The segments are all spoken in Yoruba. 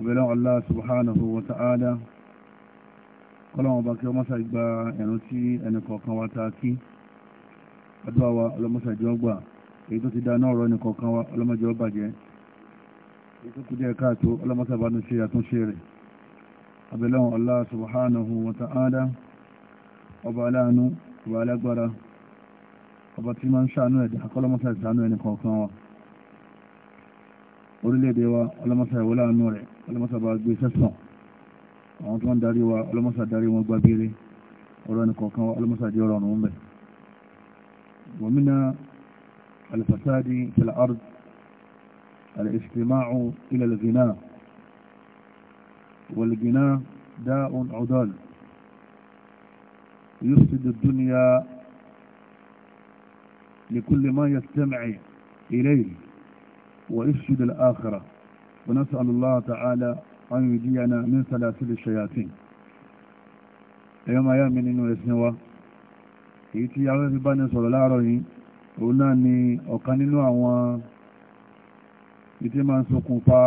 abẹ́lẹ́ Allah subhanahu wa ta'ala kọ́lọ́wọ́n bá kí wọ́n mọ́sá gba ẹ̀rọ tí ẹnì kọ̀ọ̀kan wa ta kí àdúrà wa ọlọ́mọ́sá jọ gbà èyí tó ti dá náà rọ ẹnì kọ̀ọ̀kan wa ọlọ́mọ́jọ bàjẹ́ èyí tó kú díẹ̀ káàtó ọlọ́mọ́sá bá ṣe àtúnṣe rẹ̀ abẹ́lẹ́ Allah subhanahu wa ta'ala ọba aláàánú ọba alágbára ọba orílẹ̀-èdè wa ọlọ́mọ́sá ìwọ láàánú rẹ̀ ọlọ́mọ́sá bá gbé sẹ́sàn àwọn tó ń darí wa ọlọ́mọ́sá darí wọn gba bíire ọ̀rọ̀ nìkọ̀ọ̀kan wa ọlọ́mọ́sá di ọ̀rọ̀ ọ̀run mẹ́ wàmínà alifasadi fil ard الاستماع إلى الغناء والغناء داء عضال يفسد الدنيا لكل ما يستمع إليه وإفسد الآخرة ونسأل الله تعالى أن يجينا من سلاسل الشياطين أيما يا من إنه يسنوا إيتي يا رب بني صلى الله عليه òun náà ni ọ̀kan nínú àwọn ìtí máa ń ṣokùnfà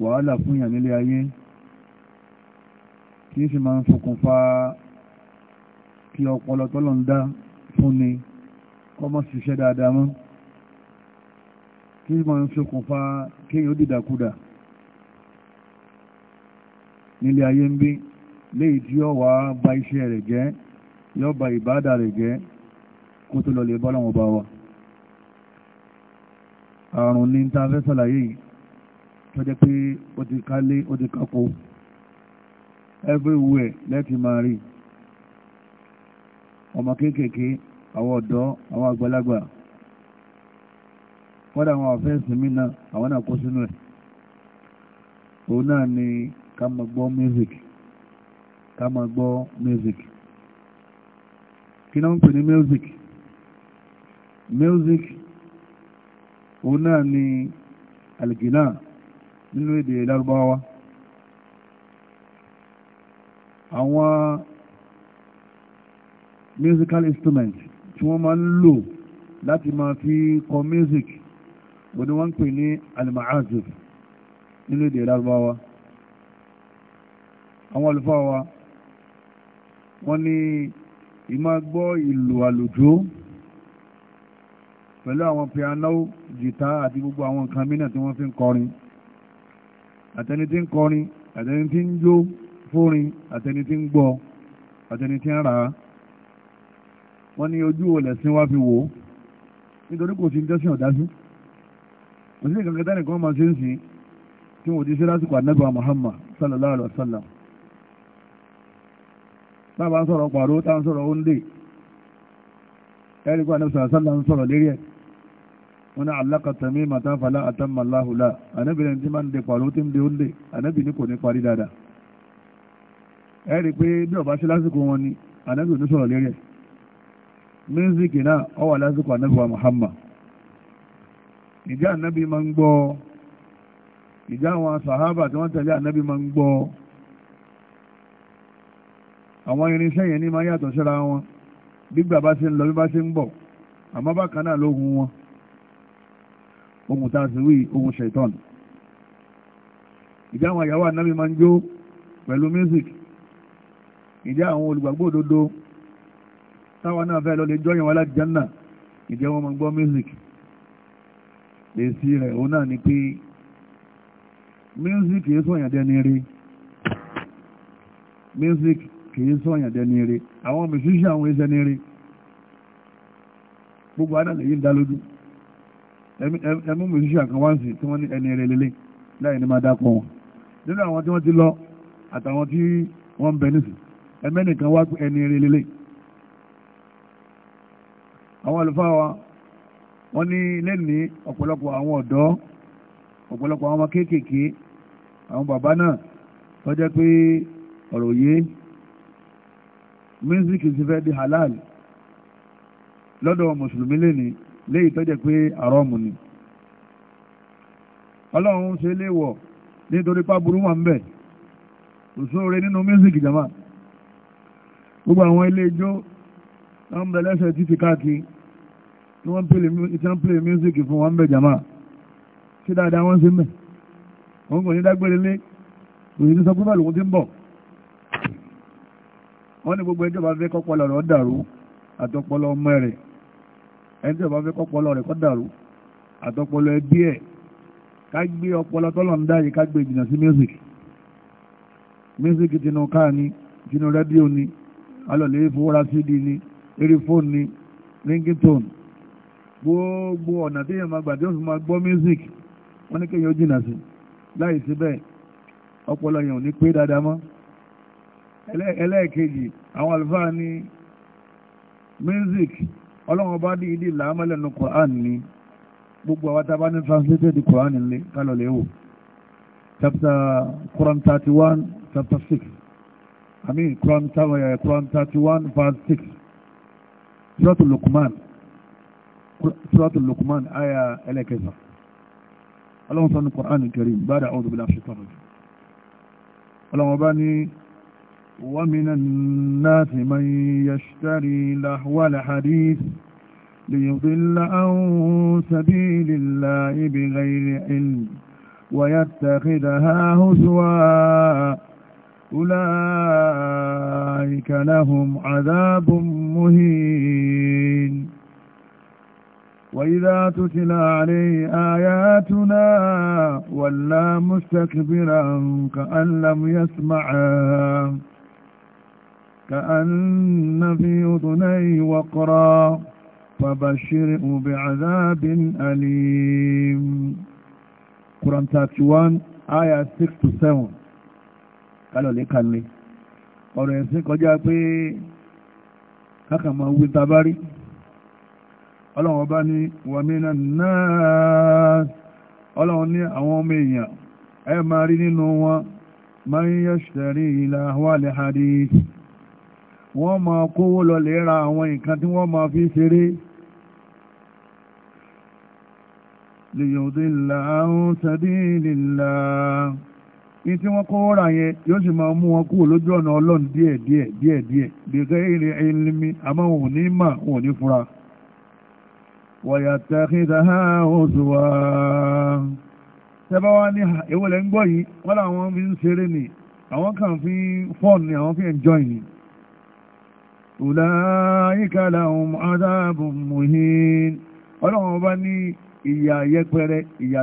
wàhálà fún ìyàn nílé ayé kí sì máa ń ṣokùnfà kí ọpọlọ tọ́lọ̀ ń dá fún ni kọ́ mọ́ ṣiṣẹ́ dáadáa mọ́ kí máa ń ṣokùnfà kéèyàn ó dìdàkudà nílé ayé ń bí léyìí tí yóò wá bà iṣẹ́ rẹ̀ jẹ́ yóò bà ìbáàdà rẹ̀ jẹ́ kó tó lọ lè bọ́ lọ́wọ́ bá wa àrùn ní ta fẹ́ sàlàyé yìí tó jẹ́ pé ó ti kálé ó ti kákó everywhere lẹ́tì máa rí ọmọ kéékèèké àwọn ọ̀dọ́ àwọn àgbàlagbà kọ́dà àwọn àfẹ́sì mi náà àwọn náà kó sínú ẹ̀ òun náà ni ká máa gbọ́ music ká máa gbọ́ music kí náà ń pè ní music music òun náà ni alìgínà nínú èdè lárúbáwá àwọn musical instruments, tí wọ́n máa ń lò láti máa fi kọ music gbogbo wọ́n ń pè ní alma'azif nínú èdè lárúbáwá àwọn àlùfáà wa wọ́n ní ìmá gbọ́ ìlù àlùjó pẹ̀lú àwọn piano jìtá àti gbogbo àwọn nǹkan mìíràn tí wọ́n fi ń kọrin àtẹni tí ń kọrin àtẹni tí ń jó fórin àtẹni tí ń gbọ́ àtẹni tí ń rà á wọ́n ní ojú olẹ̀sìn wá fi wò ó nítorí kò sí ń tẹ́sán ọ̀dájú kò sí nǹkan kẹtẹ́nì kan máa ṣe ń sìn tí wọ́n ti ṣe lásìkò Muhammad sallallahu alaihi wa sallam bàbá ń sọ̀rọ̀ pàrọ̀ tá ń sọ̀rọ̀ oúnjẹ ẹ̀rí kó ànábì sallallahu alaihi wa sallam ń sọ̀rọ̀ lérí ẹ̀ wọn náà alákàtà mí màtá fàlà àtàmàláhùlà ànábì rẹ̀ ti máa ń de pàrọ̀ tí ń de oúnjẹ ànábì ní kò ní parí dáadáa ẹ̀rí pé bí ọba ṣe lásìkò wọn ni ànábì ò ní sọ̀rọ̀ lérí ẹ̀ mísíkì náà ó Muhammad ìjà ànábì máa ń gbọ́ ìjà àwọn sàhábà tí wọ́n tẹ̀lé ànábì máa ń gbọ́ àwọn irinṣẹ́ yẹn ní máa yàtọ̀ síra wọn gbígbà bá ṣe ń lọ bí bá ṣe ń bọ̀ àmọ́ bákan náà lóhun wọn ohun tá a sì wí ohun ṣẹ̀tọ́n ìjà àwọn àyàwó ànábì máa ń jó pẹ̀lú music ìjà àwọn olùgbàgbọ́ òdodo táwọn náà fẹ́ lọ lè jọyìn wọn láti jẹ́ náà ìjẹ́ wọn máa ń gbọ́ music èsì rẹ̀ òun náà ni pé music kìí sọ̀yàn dẹni rí music kìí sọ̀yàn dẹni rí àwọn musician àwọn ẹsẹ̀ ní rí gbogbo adá lè yí dá lójú ẹmú musician kan wáǹsì tí wọ́n ní ẹni rẹ̀ lélẹ̀ láì ní máa dápọ̀ wọn nínú àwọn tí wọ́n ti lọ àtàwọn tí wọ́n ń bẹ nísìn ẹmẹ́nìkan wá ẹni rẹ̀ lélẹ̀ àwọn àlùfáà wa wọ́n ní lẹ́ni ọ̀pọ̀lọpọ̀ àwọn ọ̀dọ́ ọ̀pọ̀lọpọ̀ àwọn ọmọ kéékèèké àwọn bàbá náà tó jẹ́ pé ọ̀rọ̀ yé mísíkì ti fẹ́ di halal lọ́dọ̀ mùsùlùmí lẹ́ni léyìí tó jẹ́ pé àrọ́mù ni ọlọ́run ṣe léwọ̀ nítorí pàbùrú wọn bẹ̀ òṣòro nínú mísíkì jama gbogbo àwọn ilé ijó wọ́n bẹ̀lẹ́sẹ̀ títí káàkiri ni wọ́n pèlè ìtàn pèlè mísíkì fún wọn bẹ̀ jàmá ṣé dáadáa wọ́n ṣe mẹ́ wọ́n kò ní dágbére lé òyìn sọ pé báyìí ti ń bọ̀ wọ́n ní gbogbo ẹjọ́ bá fẹ́ kọ́pọ̀lọ́ rẹ̀ dàrú àtọpọlọ ọmọ rẹ̀ ẹjọ́ bá fẹ́ kọ́pọ̀lọ́ rẹ̀ kọ́ dàrú àtọpọlọ ẹbí ẹ̀ ká gbé ọpọlọ tọ́lọ̀ ń dá yìí ká gbé ìjìnà sí music music tinú káà ni tinú rẹ́díò ni alọ̀lẹ́ ìfowóra cd ni eré fóònù ni ringing tone gbogbo ọ̀nà tí yẹn máa gbà tí ó fi gbọ́ music wọ́n ní kéèyàn jìnnà sí láì sí bẹ́ẹ̀ ọpọlọ yẹn ò ní pé dáadáa mọ́ ẹlẹ́ẹ̀kejì àwọn àlùfáà ní music ọlọ́run bá dí ìdí làámọ́lẹ́nu Quran ní gbogbo àwọn tá a bá ní translated Quran nílé kálọ̀ lè chapter Quran thirty one chapter six I mean Quran uh, thirty one verse six Surah Luqman. سورة اللقمان آية إلى كذا اللهم صل القرآن الكريم بعد أعوذ بالله الشيطان الرجيم اللهم باني ومن الناس من يشتري لهو الحديث ليضل عن سبيل الله بغير علم ويتخذها هزوا أولئك لهم عذاب مهين وإذا تتلى عليه آياتنا ولا مستكبرا كأن لم يسمعها كأن في أذنيه وقرا فبشره بعذاب أليم قرآن 31 آية 6 to 7 kálọ̀ lè kàlẹ̀ ọ̀rọ̀ ẹ̀sìn kọjá pé kákàmọ̀ wí tabárí ọlọ́run ọba ní wàmínà náà ọlọ́run ní àwọn ọmọ èèyàn ẹ ma rí nínú wọn máa ń yẹ́ṣẹ̀rí ìlà wà lè wọ́n ma kówó lọ lè ra àwọn nǹkan tí wọ́n ma fi ṣeré lè tí wọ́n kówó rà yẹn yóò sì máa mú wọn kúrò lójú ọ̀nà ọlọ́run àmọ́ mà fura wọ̀yàtàkìdáhá òṣùwà tẹ́bá wá ní èwo ń gbọ́ yìí wọ́n làwọn fi ń ṣeré ni àwọn kàn fi fọ́ọ̀n ni àwọn fi enjoy ni ulaika lahum adhabun muhin ọlọ́run ọba ní ìyà yẹpẹrẹ ìyà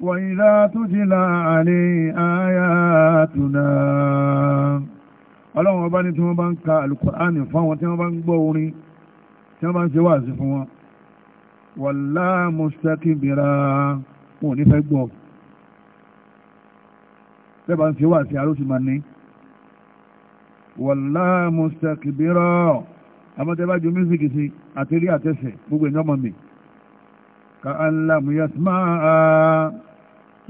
وإذا تتلى عليه آياتنا ọlọ́run ọba ní tí wọ́n bá ń ka alukọ̀ánì fáwọn tí wọ́n bá ń gbọ́ orin tí wọ́n bá ń ṣe wáàsí fún wọn wàlá mustakbira wọn ò ní fẹ́ gbọ́ tẹ́bà ń ṣe wáàsí arósì máa ní wàlá mustakbira àmọ́ tẹ́bà ju mísíkì sí àtẹ́rí àtẹ́sẹ̀ gbogbo ẹ̀ ní ọmọ mi ka alámúyàsímáà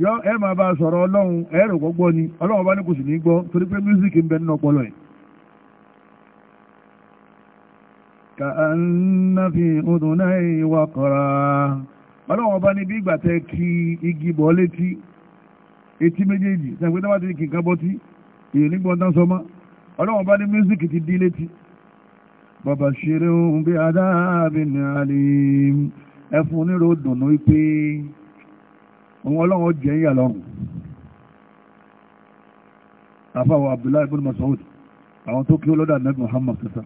yọ ẹ máa bá sọ̀rọ̀ ọlọ́run ẹ̀rọ gbogbo ni ọlọ́run bá ní kò sì ní gbọ́ torí pé music ń bẹ nínú ọpọlọ ẹ̀ kàánà fi ọdún náà ìwà kọ̀ra ọlọ́run bá ní bí ìgbà tẹ kí igi bọ̀ létí etí méjèèjì sẹ́gbẹ́ tó bá ti kì í kábọ́ tí èyí nígbọ́n tán sọmọ́ ọlọ́run bá ní music ti dí létí bàbá ṣeré ohun bí adáàbìnrin àlè ẹfun onírò dùnú pé àwọn ọlọ́run jẹ́ ìyà lọ́rùn àfáwọ̀ abdullahi ibn masoud àwọn tó kí ó nabi muhammad sasa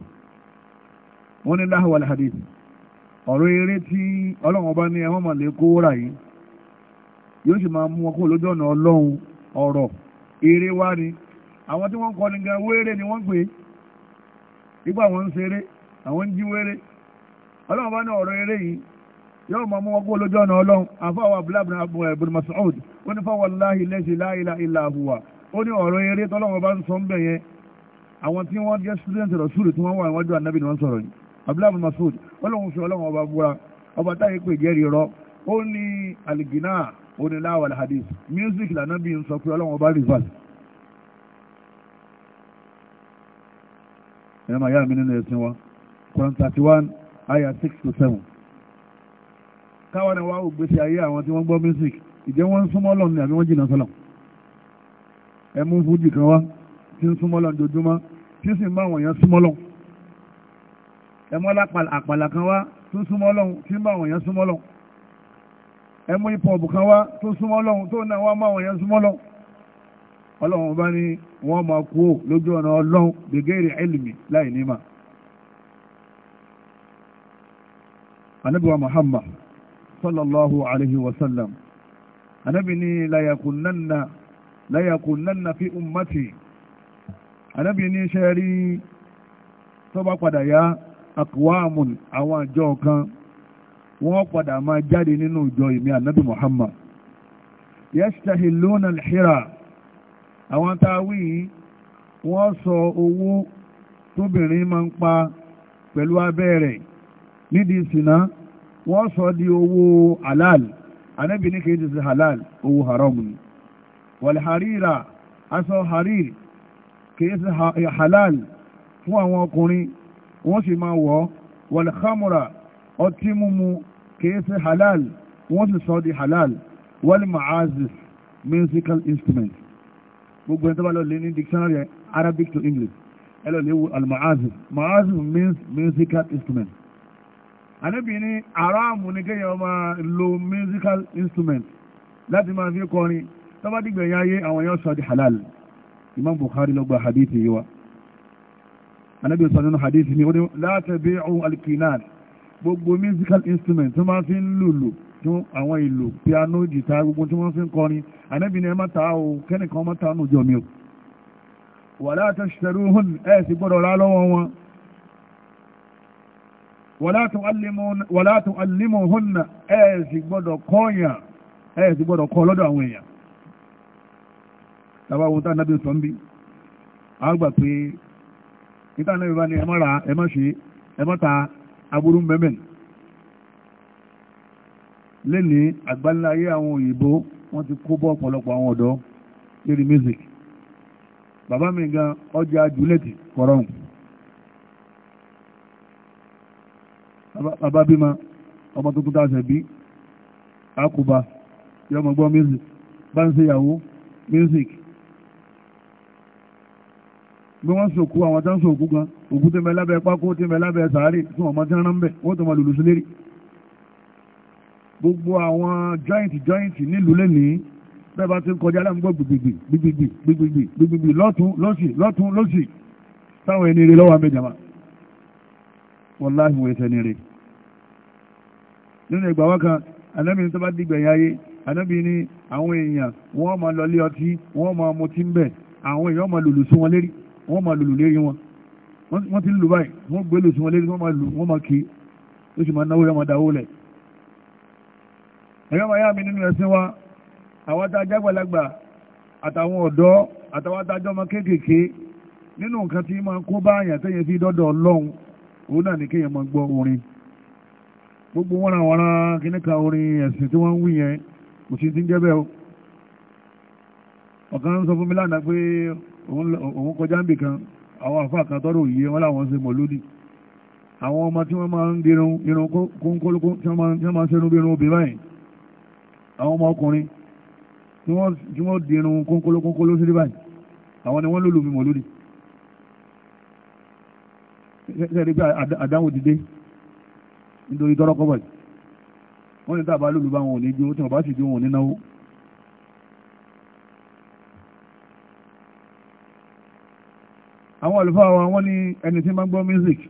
wọ́n ni láhàwà alhadith ọ̀rọ̀ eré tí ọlọ́run bá ní ẹwọ́n mà lè kó rà yìí yóò sì máa mú wọn kó ọ̀nà ọlọ́run ọ̀rọ̀ eré wá ni àwọn tí wọ́n kọ́ ni gan wéré ni wọ́n pè é nígbà wọn ń àwọn ń jí wéré ọlọ́run bá ní ọ̀rọ̀ eré yìí yóò máa mú wọn kó lójú ọ̀nà ọlọ́run àfọwọ́ abúlábùn ibn Mas'ud ó ní fa wallahi lazi la ilaha illa huwa ó ní ọ̀rọ̀ eré tọ́lọ́wọ́n bá ń sọ ń bẹ̀ yẹn àwọn tí wọ́n jẹ́ student Rasul tí wọ́n wà níwájú ànábì ni wọ́n sọ̀rọ̀ yìí abúlábùn Mas'ud ọlọ́run fi ọlọ́run ọba búra ọba táyé pè jẹ́rìí rọ ó ní alìgínà ó alhadis music lànàbì ń sọ pé ọlọ́run ọba rivers ẹ̀rọ màá yára mi nínú ẹ̀sìn wa ayah 6 to seven. káwọn náà wá ògbésí ayé àwọn tí wọ́n gbọ́ music ìjẹ́ wọ́n ń súnmọ́ lọ́nà àbí wọ́n jìnnà sọ́lọ̀ ẹ mú fújì kan wá tí ń súnmọ́ lọ́nà dojúmọ́ tí sì ń bá àwọn èèyàn súnmọ́ lọ́n ẹ mú àpàlà kan wá tó súnmọ́ lọ́n tí ń bá àwọn èèyàn súnmọ́ lọ́n ẹ mú kan wá tó tó sallallahu alayhi wa sallam anábì ní layakunanna layakunanna fi ummati anábì ní iṣẹ́ rí tó bá padà yá akwamun àwọn àjọ kan wọ́n padà máa jáde nínú ìjọ ìmí ànábì Muhammad yẹ́sítahìlónà lẹ́hìrà àwọn táwí wọ́n sọ owó tóbìnrin máa ń pa pẹ̀lú abẹ́rẹ̀ nídìí sínà wọ́n sọ di owó halal anábì ní kìí ti halal owó haram ni wàlhàríra aṣọ harir kìí ti eh, halal fún àwọn ọkùnrin wọ́n sì máa wọ̀ wàlhàmùra ọtí mímu kìí ti halal wọ́n sì sọ di halal wàlmàázis musical instrument gbogbo ẹni tó bá lọ lé ní dictionary Arabic to English ẹ lọ lé maazis means musical instrument ànábì ní aráàmù ní kéèyàn máa lo musical instrument láti máa fi kọrin tó bá dìgbẹ̀yìn ayé àwọn yóò sọ di halal Imam Bukhari ló gba hadith yìí wa anábí sọ nínú hadith ni ó ní látẹ̀bí ohun alkinan gbogbo musical instrument tó máa fi ń lùlù fún àwọn ìlú piano jìta gbogbo tí wọ́n fi ń kọrin anábí ni ẹ má ta o kẹ́nìkan má ta jọ mi o wà látẹ̀ ṣẹ̀rú hùn ẹ̀ sì gbọ́dọ̀ rá lọ́wọ́ wọn wàlá tu'allimuhunna ẹ sì gbọ́dọ̀ kọ́yàn ẹ sì gbọ́dọ̀ kọ́ lọ́dọ̀ àwọn èèyàn tàbá wọn tán nábì sọ ń bí a gbà pé ìtàn náà bá ní ẹ má ra ẹ má ṣe ẹ má ta aburú mẹ́mẹ́ni lẹ́ni àgbáláyé àwọn òyìnbó wọ́n ti kó bọ́ ọ̀pọ̀lọpọ̀ àwọn ọ̀dọ́ bàbá bímọ ọmọ tuntun tá a bí àkùbà yọmọ gbọ́ music bá ń ṣe ìyàwó music bí wọ́n sòkú àwọn tó ń sòkú gan òkú tí ń bẹ lábẹ́ pákó tí ń lábẹ́ sàárè tún ọmọ tí ń bẹ̀ wọ́n tó mọ lùlù sí lérí gbogbo àwọn joint joint nílùú lẹ́nìí bẹ́ẹ̀ bá ti ń kọjá láàmú gbọ́ gbìgbìgbì gbìgbìgbì gbìgbìgbì gbìgbìgbì lọ́tún lọ́sì lọ́tún lọ́sì táwọn ẹni rẹ ni rẹ nínú ìgbà wọn kan anábì ní tó bá dìgbẹ̀yìn ayé anábì ní àwọn èèyàn wọ́n máa lọlé ọtí wọ́n máa mutí ń bẹ̀ àwọn èèyàn máa lùlù sí wọn lérí wọ́n máa lùlù lérí wọn wọ́n ti ń lù báyìí wọ́n gbé lù sí wọn lérí wọ́n máa lù wọ́n máa kí ó sì máa náwó yọ máa dáwó lẹ̀. ẹ̀yọ́ máa yá mi nínú ẹ̀sìn wa àwọn tá jágbàlagbà àtàwọn ọ̀dọ́ àtàwọn adájọ́ máa kéékèèké nínú nǹkan tí máa kó báyà téèyàn fi dọ́dọ̀ ọlọ́run òun náà ní kéèyàn máa gbọ́ orin gbogbo wọn àwọn ará kíníkà orin ẹ̀sìn tí wọ́n ń wí yẹn kò sí ti ń jẹ́ o ọ̀kan ń sọ fún mi lánàá pé òun kọjá ń bì kan àwọn àfáà kan tọ́rọ òye wọn láwọn ṣe mọ̀lódì àwọn ọmọ tí wọ́n máa ń dirun irun kónkólókó tí wọ́n máa ń ṣerun bí irun obìnrin báyìí àwọn ọmọ ọkùnrin tí wọ́n dirun kónkólókónkóló sí báyìí àwọn ni wọ́n lòlù mi mọ̀lódì. ṣe é é rí bí àdáwò dìde nítorí tọ́rọ́kọ́bọ̀ yìí wọ́n ní tàbá lùlù bá wọn ò ní jó tí wọ́n bá sì jó wọn ò àwọn àlùfáà wa wọ́n ní ẹni tí máa ń gbọ́ music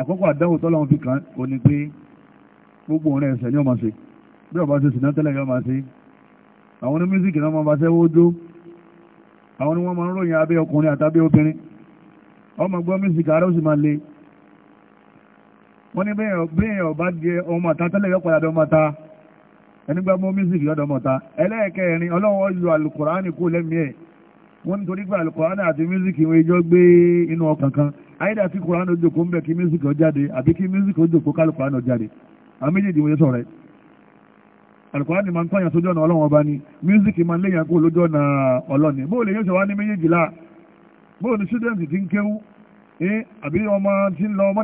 àkọ́kọ́ àdáwò tọ́lá wọn fi kàn ó ní pé gbogbo òun ẹsẹ̀ ni ó máa ṣe bí ọba ṣe sìnà tẹ́lẹ̀ yóò máa ṣe àwọn ní music náà máa bá ṣẹ́wó jó àwọn ni wọ́n máa ń ròyìn abẹ́ ọkùnrin àtàbí obìnrin ọmọ gbọ́ music ara ó sì máa le wọ́n ní bíyàn ọba jẹ ọmọ àta tẹ́lẹ̀ yọ padà dọ́mọta ẹnigbà mọ́ mísìkì ọdọmọta dọ́mọta ẹlẹ́ẹ̀kẹrin ọlọ́wọ́ yọ alukùránì kó lẹ́mí ẹ̀ wọ́n ní torí pé alukùránì àti mísìkì wọn ìjọ gbé inú ọkàn kan ayédà tí kùránì ó jókòó ń bẹ kí mísìkì ó jáde àbí kí mísìkì ó jókòó kálukùránì ó jáde àwọn méjèèjì wọn yẹ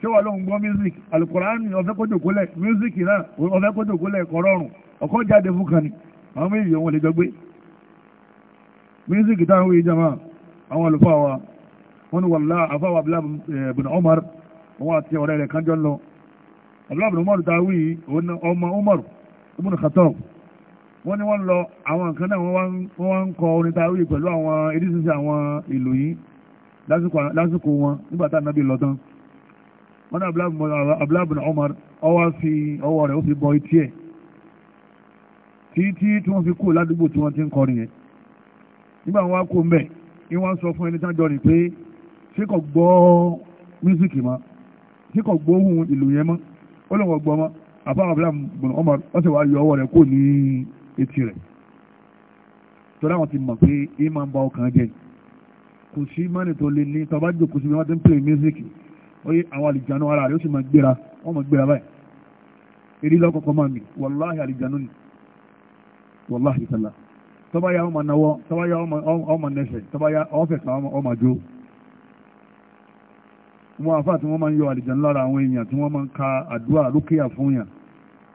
tí wọ́n lóun gbọ́ music alukurani ọ̀fẹ́ kó jòkólẹ̀ music náà ọ̀fẹ́ kó jòkólẹ̀ kọ̀rọ̀rùn ọkọ̀ jáde fún kan ni àwọn méjì wọn lè jọ music táwọn wí jama àwọn àlùfáà wa wọn ni wọn lá àfáà wa bin omar wọn àti ọ̀rẹ́ rẹ̀ kanjọ́ lọ abdullahi bin omar táwí ọmọ omar ibn khattab wọ́n ní wọ́n lọ àwọn nǹkan náà wọ́n wá ń kọ orin táwí pẹ̀lú àwọn edisisi àwọn ìlú yìí lásìkò wọn nígbà tá nàbí lọ tán wọ́n ní abúlábùn Umar ọwọ́ fi ọwọ́ rẹ̀ ó fi bọ etí ẹ̀ tí tí tí wọ́n fi kú ládùúgbò tí wọ́n ti ń kọrin yẹn nígbà wọn kó mbẹ ni wọ́n sọ fún ẹni tí wọ́n jọ rìn pé ṣé kò gbọ́ mísíkì mọ́ ṣé kò gbọ́ ohun ìlú yẹn mọ́ ó lọ́wọ́ gbọ́ mọ́ àbá abúlábùn Umar wọ́n sì wá yọ ọwọ́ rẹ̀ kó ní etí rẹ̀ tọ́lá wọn ti mọ̀ pé ìmọ̀ ń ba ọkàn jẹ kò sí mọ́nì tó le ní tọ́ bá jòkó sí mi wọ́n ti oye àwọn àlìjánu ara rẹ̀ ó sì máa gbéra wọ́n máa gbéra báyìí èrí lọ́kọ̀ọ̀kan máa mi wàláhì àlìjánu ni wàláhì tàlà tọ́báyá ọmọ náwọ́ tọ́báyá ọmọ nẹ́sẹ̀ tọ́báyá ọ́fẹ̀sà ọmọ jó wọn àfáà tí wọ́n máa ń yọ àlìjánu lára àwọn èèyàn tí wọ́n máa ń ka àdúrà lókèyà fún yàn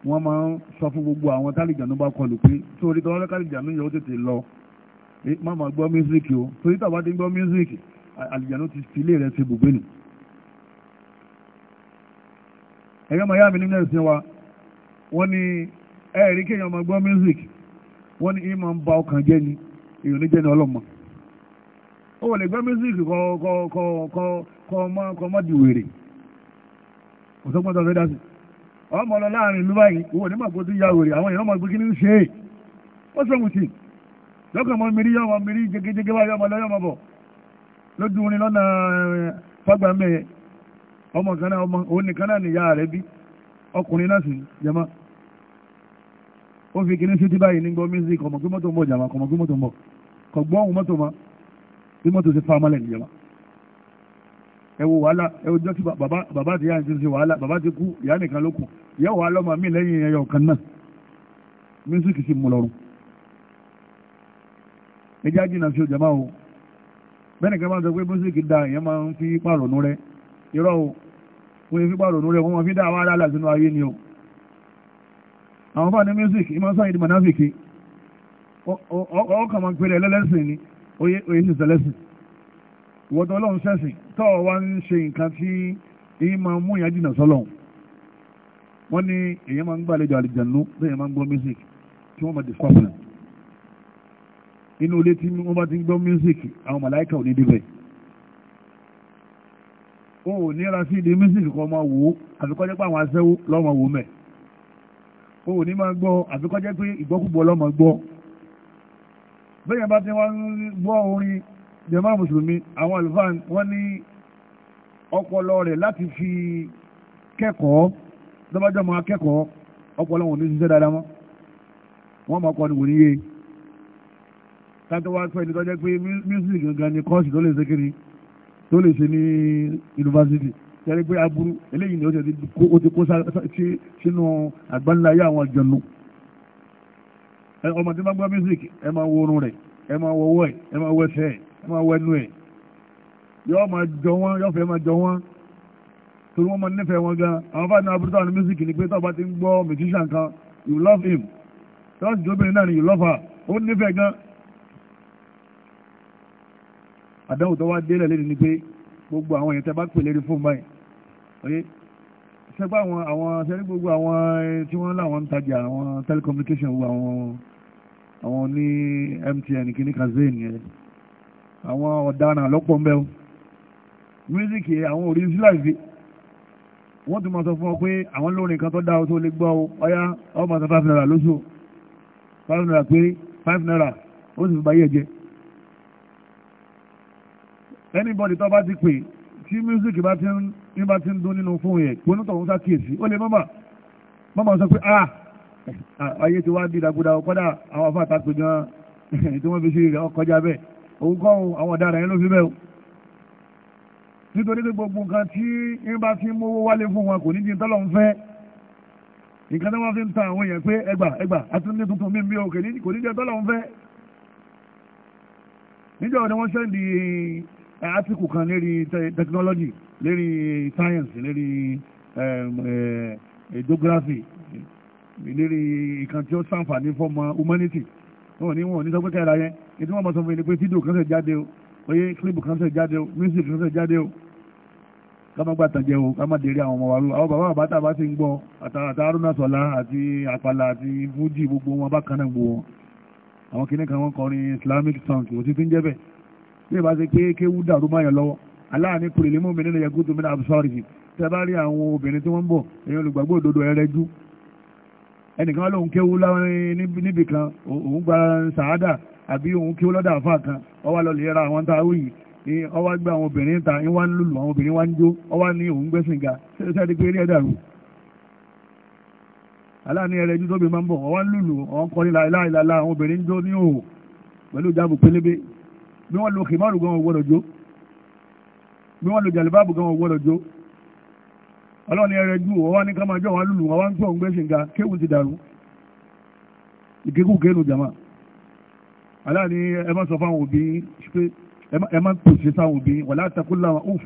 wọ́n máa ń sọ fún gbogbo àwọn tálìjánu bá kọlù pé sórí tọ́lọ́lẹ́ kálìjánu yọ ó tètè lọ má máa gbọ́ mísíkì o torí tàbá ti gbọ́ mísíkì àlìjánu ti filé rẹ̀ ti bùgbé nìí ẹ̀yọ́ màá yá mi nínú ẹ̀sìn wa wọ́n ní ẹ̀rí kéèyàn máa gbọ́ music wọ́n ní ìmọ̀ ń ba ọkàn jẹ́ ni èèyàn ní jẹ́ ni ọlọ́mọ ó wọ̀ gbọ́ music kọ́ kọ́ kọ́ kọ́ kọ́ ọmọ kọ́ ọmọ di wèrè kò sọ́gbọ́n tó fẹ́ dá sí ọmọ lọ láàrin ìlú báyìí owó ní màgbó tó ya wèrè àwọn èèyàn máa gbé kí ní ṣe é ó sọ̀rọ̀ sí lọ́kàn mọ́ mìírí yọ̀ọ́ mọ́ mìírí jẹgẹjẹgẹ báyọ̀ ọmọ lọ́yọ̀ ọmọ bọ̀ lójú orin lọ́nà eh, fagbamẹ́yẹ ọmọ kan náà ọmọ òun nìkan náà nìyá rẹ̀ bí ọkùnrin náà sì jẹmọ́ ó fi kíní sí tí báyìí ní gbọ́ music ọmọ kí mọ́tò ń bọ̀ jàmá ọmọ kí mọ́tò ń bọ̀ kò gbọ́ ohun mọ́tò mọ́ bí mọ́tò ti fa ọmọlẹ̀ nìyẹn ẹ wo wàhálà ẹ wo jọ́sí bàbá àti ìyá ìṣinṣin wàhálà bàbá ti kú ìyá nìkan ló kù ìyá wàhálà ọmọ mi lẹ́yìn ẹyọ kan náà music sì mú lọ́rùn ẹjẹ́ àjìnà sí ọjà máa wo bẹ́ẹ̀ nìkan máa sọ pé music da ìyẹn máa ń fi pààrọ̀ nú rẹ irọ́ wọ́n yẹ fipá ronú rẹ̀ wọ́n mọ̀ fi dá àwọn aráàlá sínú ayé ni o àwọn fáwọn ní music ìmọ̀ sáyé di manafiki ọkàn máa ń pèrè ẹlẹ́lẹ́sìn ni oyè oyè sì sẹlẹ́sìn ìwọ́dọ̀ ọlọ́run sẹ́sìn tọ́ wa ń ṣe nǹkan tí èyí máa mú ìyá jìnnà sọ́lọ́hún wọ́n ní èyàn máa ń gbàlejò àlìjànú lẹ́yìn máa ń gbọ́ music tí wọ́n máa disturb náà inú ilé tí wọ́n bá ti ń gbọ́ music àwọn màláìkà ò ní débẹ̀ o ò níra sí ilé mísìlì kan máa wò ó àfikọ́ jẹ́ pé àwọn aṣẹ́wó lọ́mọ wò mẹ́ o ò ní máa gbọ́ àfikọ́ jẹ́ pé ìgbọ́kúgbọ́ lọ́mọ gbọ́ bẹ́yẹn bá ti wá ń gbọ́ orin jàmá mùsùlùmí àwọn àlùfáà wọ́n ní ọpọlọ rẹ̀ láti fi kẹ́kọ̀ọ́ lọ́bàjọ́ máa kẹ́kọ̀ọ́ ọpọlọ wọn ní ṣiṣẹ́ dáadáa mọ́ wọ́n máa kọ́ wò níye tátó music gangan ni kọ́ọ̀sì tó lè tó lè ṣe ní yunifásitì yẹri pé aburú eléyìí ni ó ti kó sínú àgbáńláyé àwọn àjọ̀nù ọmọ tí wọ́n music ẹ máa wo orun rẹ̀ ẹ máa wo owó ẹ̀ ẹ máa wo ẹsẹ̀ ẹ̀ ẹ máa wo ẹnu ẹ̀ yọ́ máa jọ wọ́n yọ́ fẹ́ máa jọ wọ́n torí wọ́n máa nífẹ̀ẹ́ wọn gan àwọn fáwọn aburú táwọn music ni pé tọ́ba ti ń gbọ́ musician kan you love him tọ́sí jóbìnrin náà ni you love her ó nífẹ̀ẹ́ gan àdánwò tó wá délẹ̀ lẹ́nu ni pé gbogbo àwọn èèyàn tẹ́ bá pè lérí fóun báyìí oye sẹ́gbà àwọn àwọn sẹ́rí gbogbo àwọn eh, tí wọ́n láwọn ń tajà àwọn telecommunication wo àwọn àwọn ní MTN kìíní kazeem yẹn àwọn ọ̀daràn lọ́pọ̀ mbẹ́ o mísíkì àwọn òrìṣì láìsí wọ́n tún máa sọ fún ọ pé àwọn lórin kan tó dá o tó lè gbọ́ o ọyá ọ máa san five naira lóṣù five naira péré five naira ó sì fi báyé ẹ̀jẹ̀ anybody tó bá ti pè tí music bá ti ń bá ti ń dún nínú fóun yẹn gbóná tó ń sá kíyèsí ó lè mọ́mọ́ mọ́mọ́ sọ pé ah, ah ayé ti wá di ìdàgbòdà ọ̀kọ́dà àwọn afá àtàkùn gan tí wọ́n fi ṣe rẹ̀ ọkọjá bẹ́ẹ̀ òun kọ́ àwọn ọ̀daràn yẹn ló fi bẹ́ẹ̀ o nítorí pé gbogbo nǹkan tí ń bá ti mówó wálé fún wọn kò ní di tọ́lọ̀ ń fẹ́ nǹkan tí wọ́n fi ń ta àwọn èèyàn pé ẹgbà ẹgbà àtúndé tuntun mi mi ò kò ní jẹ́ tọ́lọ̀ ń fẹ́ níjọ́ ni wọ́n sẹ́ndì átíkù kan lérí technology lérí science lérí geography lérí ìkan tí ó ṣàǹfààní fọmọ humanity wọn ní wọn ní sọ pé kẹra yẹn ètò wọn bá sọ fún yìí ni pé fídíò kan ṣẹ̀ jáde o oyè clip kan ṣẹ̀ jáde o music kan ṣẹ̀ jáde o ká má gbà tàjẹ o ká má dèrè àwọn ọmọ wa rú àwọn bàbá àbáta bá ti ń gbọ́ àtàrúnà sọlá àti àpàlà àti fújì gbogbo wọn bákan náà gbogbo wọn àwọn kìnnìkan wọn kọrin islamic song kò sí fi ń jẹ́ bẹ́ẹ̀ bí ìbá ṣe kéèké wú dàrú máyàn lọ́wọ́ aláàánú kùrè lè mú mi nínú yagudu mi náà sọ́ọ̀rì sí tẹ́ bá rí àwọn obìnrin tí wọ́n ń bọ̀ èyàn olùgbàgbọ́ òdodo ẹrẹ́jú ẹnìkan lòun kéwú níbì kan òun gba sàádà àbí òun kéwú lọ́dà àfà kan ọwá lọ lè ra àwọn tá a wù yìí ọwá gbé àwọn obìnrin ta ń wá ń lùlù àwọn obìnrin wá ń jó ọwá ní òun gbẹ́sìn ga sẹ́ẹ̀dí pé eré ẹ̀dà rù aláàánú ẹrẹ́jú tóbi máa ń bí wọ́n lo kìmọ́rù gan owó lọ́jọ́ bí wọ́n lo jàlùbáàbù gan owó lọ́jọ́ ọlọ́run ni ẹrẹ ju wọ́n wá ní ká máa jọ wọn lùlù wọn wá ń tó ọ̀hún gbẹ́sìn ga kéwù ti dàrú ìkékùké nu jàmá aláàní ẹ má sọ fáwọn òbí pé ẹ má pèsè sáwọn òbí wọ́n látàkù láwọn òf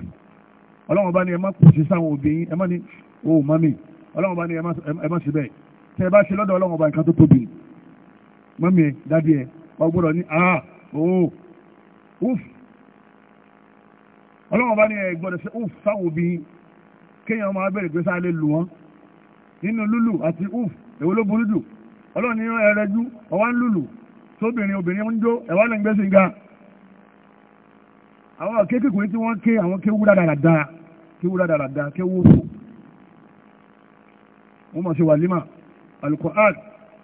ọlọ́run bá ní ẹ má pèsè sáwọn òbí ẹ má ní o mami ọlọ́run bá ní ẹ má ṣe bẹ́ẹ̀ tẹ́ ẹ bá ṣe lọ́dọ̀ ọlọ́run bá nǹkan tó tóbi mami ẹ dádì ẹ wọ́n gbọ́dọ̀ ní ah ooo. Oh uf ọlọ́wọ́n bá ní ẹgbọ́dọ̀ sí uf sáwò bí kéèyàn máa bẹ̀rẹ̀ pé sáà lè lù wọ́n nínú lúlù àti uf èwo ló burú jù ọlọ́run ní ẹrẹ́jú ọwá ń lùlù sóbìnrin obìnrin ń jó ẹ̀wá lè ń gbé sìnga àwọn kéékèèké tí wọ́n ké àwọn kéwú dáadáa kéwú dáadáa kéwú fò wọ́n mọ̀ sí wàlímà alukoran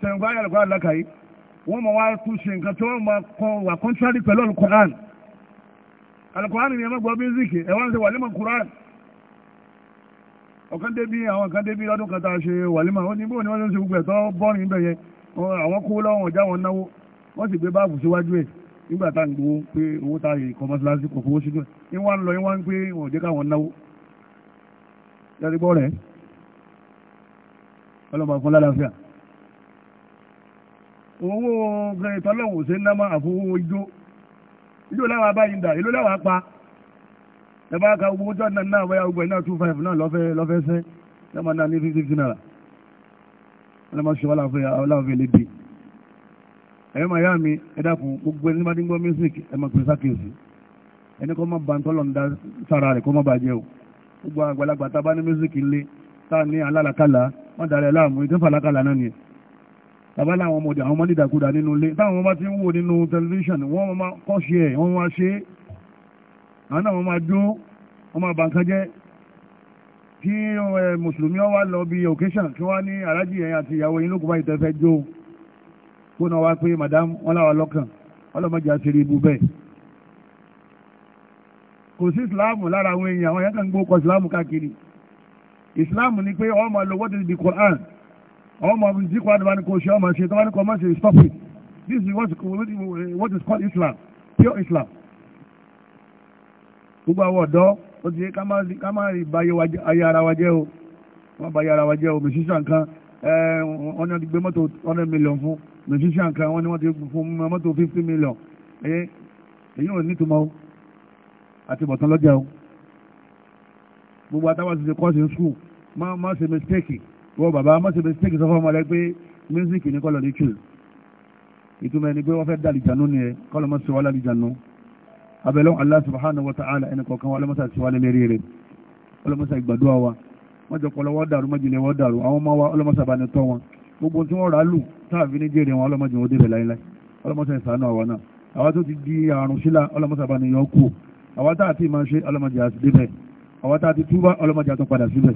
sẹ̀yìnkọ́ ayé alukoran lákàáyé wọ́n mọ̀ wá tún ṣe nǹkan tí wọ́n mọ̀ kọ́ wà kọ́ńtírárì pẹ̀lú alukoran alukurani ni ẹ mọ́gbọ́ mísíkì ẹ wọ́n ń ṣe wàlímọ̀ kurani ọ̀kan débi àwọn kan débi lọ́dún kan tá a ṣe wàlímọ̀ ó ní bóun ni wọ́n ṣe gbogbo ẹ̀tọ́ bọ́ọ̀lù níbẹ̀ yẹn àwọn kó lọ́wọ́n ọ̀já wọn náwó wọ́n sì gbé báàbù síwájú ẹ̀ nígbà tá à ń gbowó pé owó tá a yè kọ́ mọ́sálásí kò fowó sínú ẹ̀ ní wọ́n ń lọ ní wọ́n ń pé ìlú láwàá báyìí ń dà ìlú láwàá pa ẹ̀bá ka gbogbo jọ́ náà náà wáyà gbogbo ẹ̀ náà two five náà lọ́fẹ́ lọ́fẹ́ sẹ́ lọ́mọ náà ní fifty fifty naira wọ́n lè máa ṣe wàhálà fún aláwọ̀ fẹ́lẹ́ dé ẹ̀yọ́ màá yá mi ẹ dákun gbogbo ẹni máa ti gbọ́ music ẹ máa pè sákèsì ẹni kọ́ máa ba ntọ́lọ̀ ń da sára rẹ̀ kọ́ máa bàjẹ́ o gbogbo àgbàlagbà tá a bá ní music ńlẹ̀ tá a ní alálàkàlà wọ́n darí ẹ̀ láàmú ìtẹ́fà bàbá láwọn ọmọdé àwọn ọmọdé dàkúdà nínú ilé táwọn ọmọ ti ń wò nínú tẹlifíṣàn wọ́n máa kọ́ ṣe ẹ̀ wọ́n máa ṣe é àwọn náà wọ́n máa jó wọ́n máa bàǹkan jẹ́ kí mùsùlùmí wá lọ bí occasion kí wọ́n ní aláàjì ẹ̀yìn àti ìyàwó yín lókùnbá ìtẹ́fẹ́ jó kó náà wá pé madam wọ́n láwa lọ́kàn ọlọ́mọdé àti rí ibú bẹ́ẹ̀ kò sí ìsìláàmù lára àwọn èèyàn àwọn èèyàn kan gbókọ̀ ìsìláàmù káàkiri ìsìláàmù ni pé ó máa lo what is the Quran All my bíi zikwa ni wọn kò ṣe ọmọ ṣe tó wọn kò ọmọ stop it this is what, what is called Islam pure Islam gbogbo àwọn ọ̀dọ́ ó ti ká má rí ayé ara wa jẹ́ o wọ́n bá ayé ara wa jẹ́ o mẹ̀sísà nǹkan eh, wọ́n ní gbé mọ́tò hundred million fún mẹ̀sísà nǹkan wọ́n ní wọ́n ti fún mọ́tò fifty million eh, èyí ò ní túmọ̀ o àti bọ̀tán lọ́jà o gbogbo àtàwọn ti ṣe kọ́ọ̀sì ń sùn má má ṣe mistake wọ́n bàbá mọ́sẹ̀bẹ̀ sẹ́kì sọ fún ọmọ rẹ pé mísíkì ní kọ́lọ̀ ní kìl ìtumọ̀ ẹni pé wọ́n fẹ́ dàlìjànú ni ẹ kọ́lọ̀ mọ́sẹ̀ wà lálìjànú abẹ́lẹ́wọ̀n Allah subhanahu wa ta'ala ẹni kọ̀ọ̀kan wa ọlọ́mọ́sà ti wà lé lérí rẹ̀ ọlọ́mọ́sà ìgbàdúrà wa wọ́n jọ kọ́lọ́ wọ́n dàrú mọ́jìlẹ̀ wọ́n dàrú àwọn ọmọ wa ọlọ́mọ́sà bá ní tọ́ wọn gbogbo tí wọ́n rà lù táàfin ní jèrè wọn ọlọ́mọdé wọn débẹ̀ láyé láyé ọlọ́mọ́sà ìsànú àwọn náà àwọn tó ti di àrùn sílá ọlọ́mọ́sà bá yọ kú àwọn táà ti máa ṣe ọlọ́mọdé àti débẹ̀ àwọn táà ti túbá ọlọ́mọdé àtúnpadà síbẹ̀